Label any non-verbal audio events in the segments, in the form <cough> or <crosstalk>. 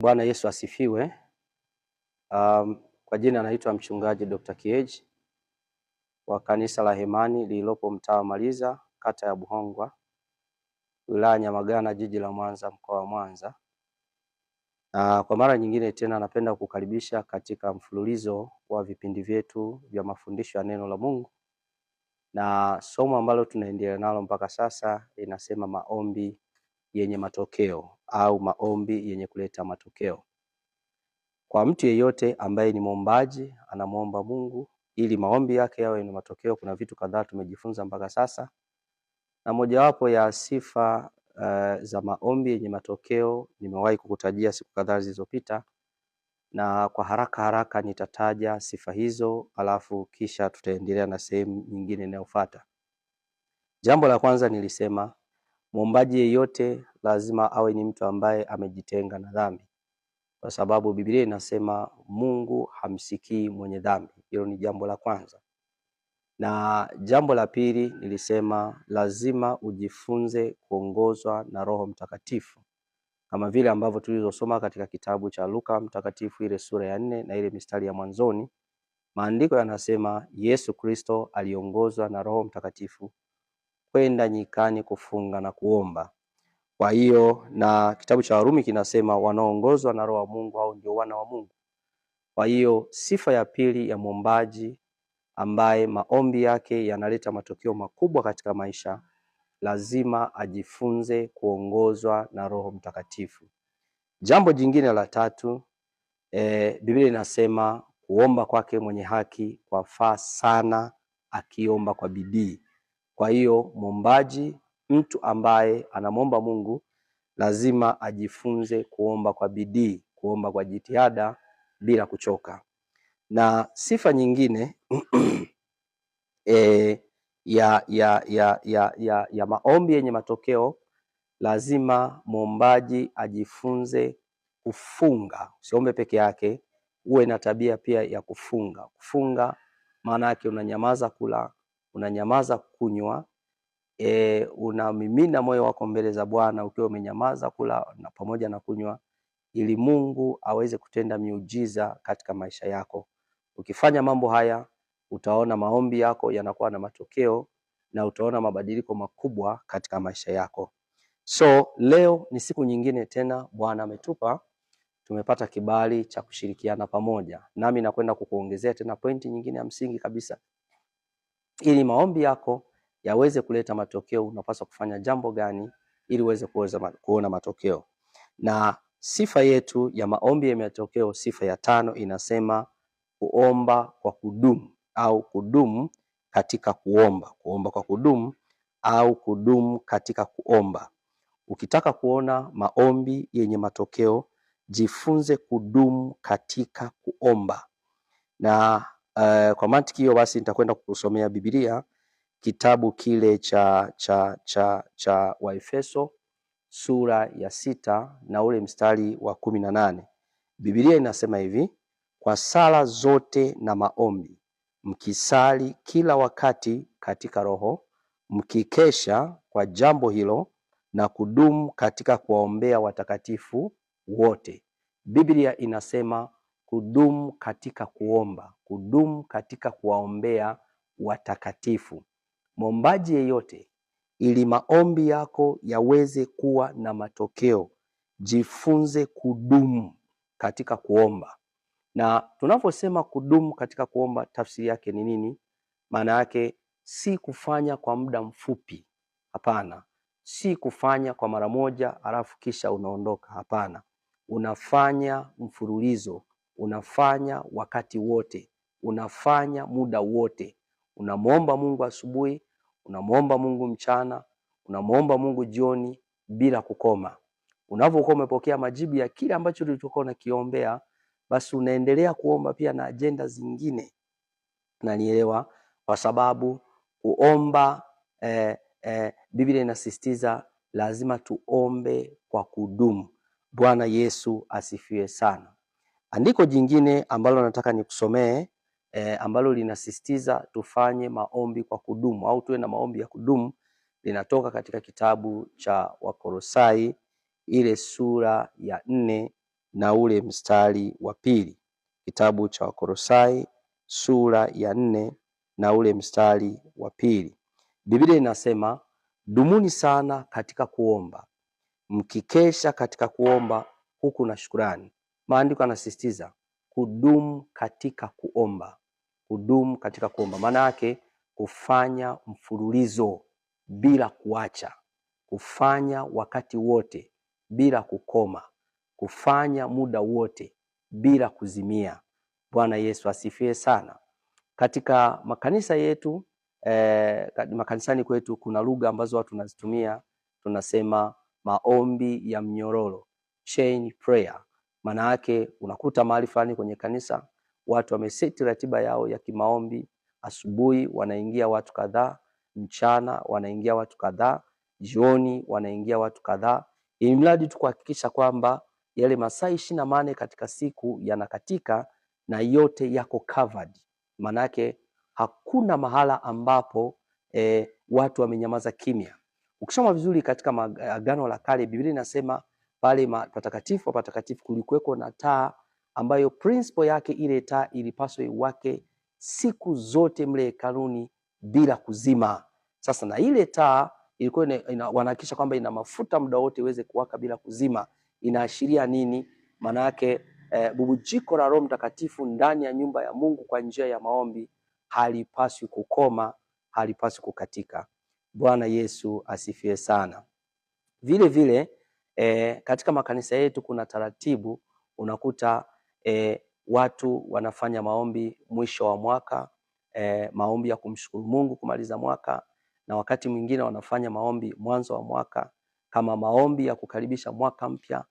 Bwana Yesu asifiwe. Um, kwa jina anaitwa mchungaji Dr. Kieji wa kanisa la Hemani lililopo mtaa wa Maliza, kata ya Buhongwa, wilaya Nyamagana, jiji la Mwanza, mkoa wa Mwanza. Na kwa mara nyingine tena napenda kukaribisha katika mfululizo wa vipindi vyetu vya mafundisho ya neno la Mungu, na somo ambalo tunaendelea nalo mpaka sasa linasema maombi yenye matokeo au maombi yenye kuleta matokeo. Kwa mtu yeyote ambaye ni mwombaji anamwomba Mungu ili maombi yake yawe ni matokeo, kuna vitu kadhaa tumejifunza mpaka sasa, na mojawapo ya sifa uh, za maombi yenye matokeo nimewahi kukutajia siku kadhaa zilizopita, na kwa haraka haraka nitataja sifa hizo, alafu kisha tutaendelea na sehemu nyingine inayofuata. Jambo la kwanza nilisema mwombaji yeyote lazima awe ni mtu ambaye amejitenga na dhambi, kwa sababu Biblia inasema Mungu hamsikii mwenye dhambi. Hilo ni jambo la kwanza, na jambo la pili nilisema lazima ujifunze kuongozwa na Roho Mtakatifu kama vile ambavyo tulizosoma katika kitabu cha Luka Mtakatifu ile sura ya nne na ile mistari ya mwanzoni. Maandiko yanasema Yesu Kristo aliongozwa na Roho Mtakatifu kwenda nyikani kufunga na kuomba. Kwa hiyo na kitabu cha Warumi kinasema wanaoongozwa na Roho wa Mungu hao ndio wana wa Mungu. Kwa hiyo sifa ya pili ya mwombaji ambaye maombi yake yanaleta matokeo makubwa katika maisha, lazima ajifunze kuongozwa na Roho Mtakatifu. Jambo jingine la tatu, e, Biblia inasema kuomba kwake mwenye haki kwafaa sana akiomba kwa bidii. Kwa hiyo mwombaji mtu ambaye anamwomba Mungu lazima ajifunze kuomba kwa bidii, kuomba kwa jitihada bila kuchoka. Na sifa nyingine e, <clears throat> ya, ya, ya, ya, ya, ya maombi yenye matokeo, lazima mwombaji ajifunze kufunga. Usiombe peke yake, uwe na tabia pia ya kufunga. Kufunga maana yake unanyamaza kula, unanyamaza kunywa e, unamimina moyo wako mbele za Bwana ukiwa umenyamaza, kula na pamoja na kunywa, ili Mungu aweze kutenda miujiza katika maisha yako. Ukifanya mambo haya, utaona maombi yako yanakuwa na matokeo na utaona mabadiliko makubwa katika maisha yako. So leo ni siku nyingine tena Bwana ametupa, tumepata kibali cha kushirikiana pamoja, nami nakwenda kukuongezea tena pointi nyingine ya msingi kabisa, ili maombi yako yaweze kuleta matokeo, unapaswa kufanya jambo gani ili uweze kuona matokeo. Na sifa yetu ya maombi ya matokeo, sifa ya tano inasema kuomba kwa kudumu au kudumu katika kuomba, kuomba kwa kudumu au kudumu katika kuomba. Ukitaka kuona maombi yenye matokeo, jifunze kudumu katika kuomba. Na uh, kwa mantiki hiyo basi nitakwenda kukusomea Biblia kitabu kile cha, cha, cha, cha Waefeso sura ya sita na ule mstari wa kumi na nane Biblia inasema hivi, kwa sala zote na maombi mkisali kila wakati katika Roho, mkikesha kwa jambo hilo na kudumu katika kuwaombea watakatifu wote. Biblia inasema kudumu katika kuomba, kudumu katika kuwaombea watakatifu mwombaji yeyote, ili maombi yako yaweze kuwa na matokeo. Jifunze kudumu katika kuomba, na tunaposema kudumu katika kuomba, tafsiri yake ni nini? Maana yake si kufanya kwa muda mfupi, hapana. Si kufanya kwa mara moja alafu kisha unaondoka, hapana. Unafanya mfululizo, unafanya wakati wote, unafanya muda wote Unamwomba Mungu asubuhi, unamwomba Mungu mchana, unamwomba Mungu jioni bila kukoma. Unapokuwa umepokea majibu ya kile ambacho ulichokuwa unakiombea, basi unaendelea kuomba pia na ajenda zingine. Nanielewa, kwa sababu kuomba eh, eh, Biblia inasisitiza lazima tuombe kwa kudumu. Bwana Yesu asifiwe sana. Andiko jingine ambalo nataka nikusomee e, ambalo linasisitiza tufanye maombi kwa kudumu au tuwe na maombi ya kudumu linatoka katika kitabu cha Wakolosai ile sura ya nne na ule mstari wa pili. Kitabu cha Wakolosai sura ya nne na ule mstari wa pili. Biblia inasema dumuni sana katika kuomba, mkikesha katika kuomba huku na shukurani. Maandiko yanasisitiza kudumu katika kuomba kudumu katika kuomba, maana yake kufanya mfululizo bila kuacha, kufanya wakati wote bila kukoma, kufanya muda wote bila kuzimia. Bwana Yesu asifiwe sana. Katika makanisa yetu eh, makanisani kwetu kuna lugha ambazo watu tunazitumia, tunasema maombi ya mnyororo, chain prayer. Maana yake unakuta mahali fulani kwenye kanisa watu wameseti ratiba yao ya kimaombi. Asubuhi wanaingia watu kadhaa, mchana wanaingia watu kadhaa, jioni wanaingia watu kadhaa, ili mradi tu kuhakikisha kwamba yale masaa ishirini na mane katika siku yanakatika na yote yako covered. Manake hakuna mahala ambapo e, watu wamenyamaza kimya. Ukisoma vizuri katika Agano la Kale, Biblia inasema pale patakatifu patakatifu kulikuweko na taa ambayo principle yake ile taa ilipaswa iwake siku zote mle hekaluni bila kuzima. Sasa na ile taa ilikuwa wanahakikisha kwamba ina mafuta muda wote iweze kuwaka bila kuzima. Inaashiria nini? Maana yake eh, bubujiko la Roho Mtakatifu ndani ya nyumba ya Mungu kwa njia ya maombi halipaswi kukoma, halipaswi kukatika. Bwana Yesu asifiwe sana. Vile vile eh, katika makanisa yetu kuna taratibu unakuta e, watu wanafanya maombi mwisho wa mwaka e, maombi ya kumshukuru Mungu kumaliza mwaka, na wakati mwingine wanafanya maombi mwanzo wa mwaka kama maombi ya kukaribisha mwaka mpya.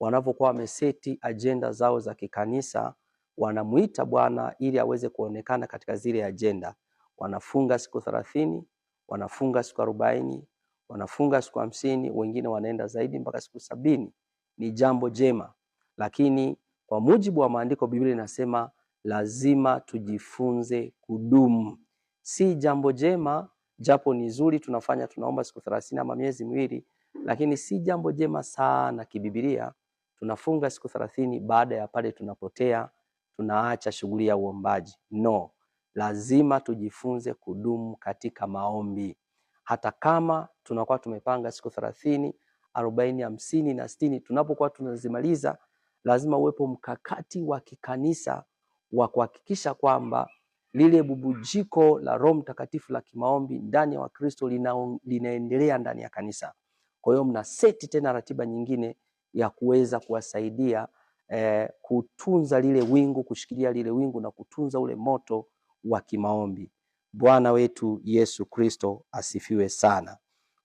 Wanapokuwa wameseti ajenda zao za kikanisa, wanamuita Bwana ili aweze kuonekana katika zile ajenda. Wanafunga siku thelathini, wanafunga siku arobaini, wanafunga siku hamsini, wengine wanaenda zaidi mpaka siku sabini. Ni jambo jema, lakini kwa mujibu wa maandiko, Biblia inasema lazima tujifunze kudumu. Si jambo jema, japo ni zuri, tunafanya tunaomba siku thelathini ama miezi miwili, lakini si jambo jema sana kibibilia. Tunafunga siku thelathini, baada ya pale tunapotea, tunaacha shughuli ya uombaji. No, lazima tujifunze kudumu katika maombi, hata kama tunakuwa tumepanga siku thelathini, arobaini, hamsini na sitini. Tunapokuwa tunazimaliza lazima uwepo mkakati wa kikanisa wa kuhakikisha kwamba lile bubujiko la Roho Mtakatifu la kimaombi ndani ya Wakristo lina, linaendelea ndani ya kanisa. Kwa hiyo mna seti tena ratiba nyingine ya kuweza kuwasaidia eh, kutunza lile wingu, kushikilia lile wingu na kutunza ule moto wa kimaombi. Bwana wetu Yesu Kristo asifiwe sana.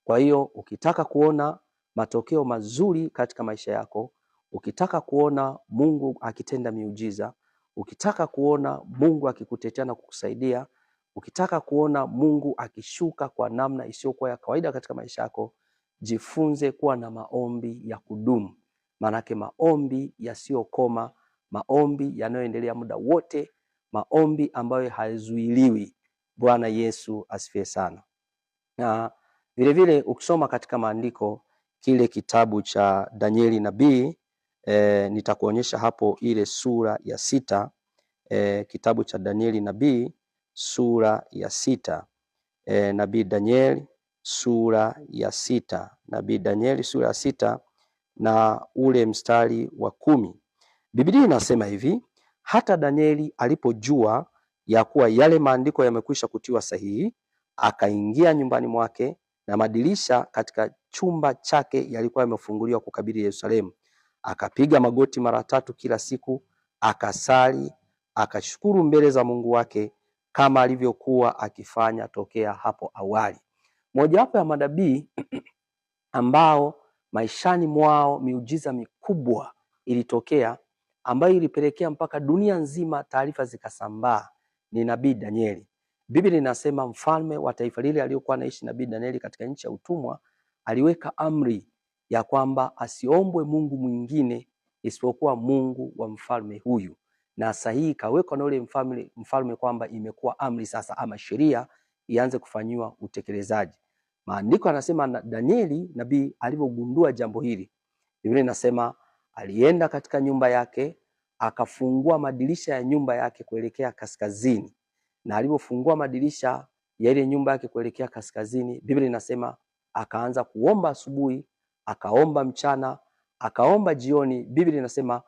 Kwa hiyo ukitaka kuona matokeo mazuri katika maisha yako Ukitaka kuona Mungu akitenda miujiza, ukitaka kuona Mungu akikutetea na kukusaidia, ukitaka kuona Mungu akishuka kwa namna isiyokuwa ya kawaida katika maisha yako, jifunze kuwa na maombi ya kudumu. Maanake maombi yasiyokoma, maombi yanayoendelea muda wote, maombi ambayo hayazuiliwi. Bwana Yesu asifiwe sana. Na vilevile ukisoma katika maandiko kile kitabu cha Danieli nabii e, nitakuonyesha hapo ile sura ya sita e, kitabu cha Danieli nabii sura ya sita e, nabii Danieli sura ya sita nabii Danieli sura ya sita na ule mstari wa kumi. Biblia inasema hivi: hata Danieli alipojua ya kuwa yale maandiko yamekwisha kutiwa sahihi, akaingia nyumbani mwake, na madirisha katika chumba chake yalikuwa yamefunguliwa kukabili Yerusalemu, akapiga magoti mara tatu kila siku, akasali, akashukuru mbele za Mungu wake kama alivyokuwa akifanya tokea hapo awali. Mojawapo ya manabii <clears throat> ambao maishani mwao miujiza mikubwa ilitokea ambayo ilipelekea mpaka dunia nzima taarifa zikasambaa ni nabii Danieli. Biblia inasema mfalme wa taifa lile aliyokuwa anaishi nabii Danieli katika nchi ya utumwa aliweka amri ya kwamba asiombwe Mungu mwingine isipokuwa Mungu wa mfalme huyu, na sahihi ikawekwa na ule mfalme, mfalme kwamba imekuwa amri sasa ama sheria ianze kufanyiwa utekelezaji. Maandiko anasema na Danieli nabii alivyogundua jambo hili, Biblia inasema alienda katika nyumba yake akafungua madirisha ya nyumba yake kuelekea kaskazini, na alipofungua madirisha ya ile nyumba yake kuelekea kaskazini, Biblia inasema akaanza kuomba asubuhi akaomba mchana, akaomba jioni. Biblia inasema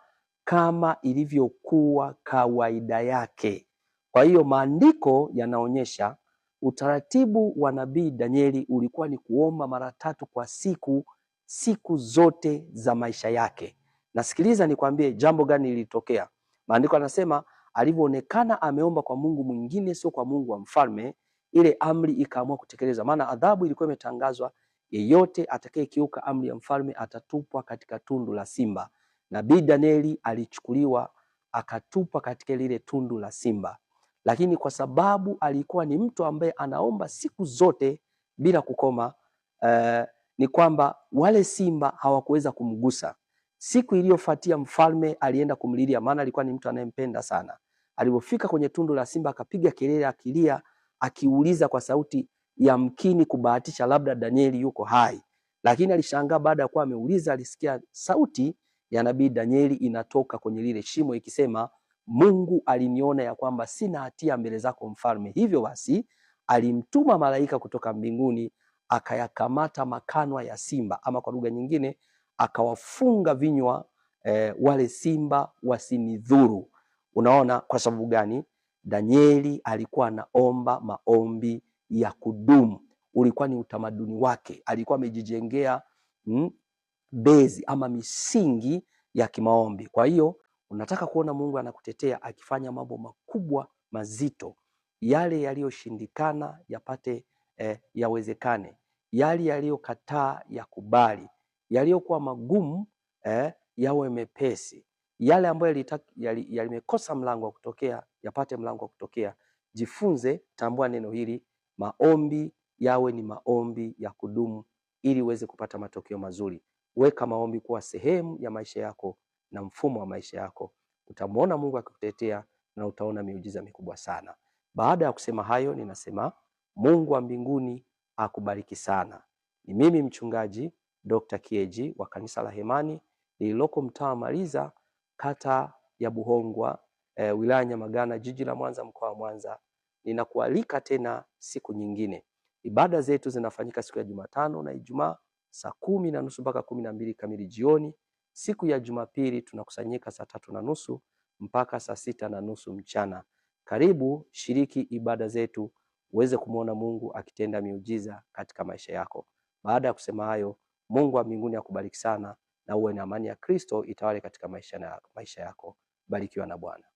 kama ilivyokuwa kawaida yake. Kwa hiyo maandiko yanaonyesha utaratibu wa nabii Danieli ulikuwa ni kuomba mara tatu kwa siku, siku zote za maisha yake. Nasikiliza nikwambie jambo gani lilitokea. Maandiko anasema alivyoonekana ameomba kwa Mungu mwingine, sio kwa Mungu wa mfalme, ile amri ikaamua kutekeleza, maana adhabu ilikuwa imetangazwa yeyote atakayekiuka amri ya mfalme atatupwa katika tundu la simba. Nabii Danieli alichukuliwa akatupwa katika lile tundu la simba, lakini kwa sababu alikuwa ni mtu ambaye anaomba siku zote bila kukoma, uh, ni kwamba wale simba hawakuweza kumgusa. Siku iliyofuatia mfalme alienda kumlilia, maana alikuwa ni mtu anayempenda sana. Alipofika kwenye tundu la simba akapiga kelele akilia, akiuliza kwa sauti, yamkini kubahatisha, labda Danieli yuko hai, lakini alishangaa baada ya kuwa ameuliza, alisikia sauti ya nabii Danieli inatoka kwenye lile shimo ikisema, Mungu aliniona ya kwamba sina hatia mbele zako mfalme. Hivyo basi alimtuma malaika kutoka mbinguni akayakamata makanwa ya simba, ama kwa lugha nyingine akawafunga vinywa eh, wale simba wasinidhuru. Unaona kwa sababu gani? Danieli alikuwa anaomba maombi ya kudumu, ulikuwa ni utamaduni wake. Alikuwa amejijengea mm, bezi ama misingi ya kimaombi. Kwa hiyo unataka kuona Mungu anakutetea akifanya mambo makubwa mazito, yale yaliyoshindikana yapate eh, yawezekane, yale yaliyokataa yakubali, yaliyokuwa magumu eh, yawe mepesi, yale ambayo yalimekosa mlango wa kutokea yapate mlango wa kutokea. Jifunze, tambua neno hili Maombi yawe ni maombi ya kudumu ili uweze kupata matokeo mazuri. Weka maombi kuwa sehemu ya maisha yako na mfumo wa maisha yako, utamwona Mungu akikutetea na utaona miujiza mikubwa sana. Baada ya kusema hayo, ninasema Mungu wa mbinguni akubariki sana. Ni mimi mchungaji Dr. Kieji wa kanisa la Hemani lililoko mtaa wa Maliza, kata ya Buhongwa, e, wilaya Nyamagana, jiji la Mwanza, mkoa wa Mwanza. Ninakualika tena siku nyingine. Ibada zetu zinafanyika siku ya Jumatano na Ijumaa saa kumi na nusu mpaka kumi na mbili kamili jioni. Siku ya Jumapili tunakusanyika saa tatu na nusu mpaka saa sita na nusu mchana. Karibu shiriki ibada zetu uweze kumwona Mungu akitenda miujiza katika maisha yako. Baada ya kusema hayo, Mungu wa mbinguni akubariki sana na uwe na amani ya Kristo itawale katika maisha, na, maisha yako. Barikiwa na Bwana.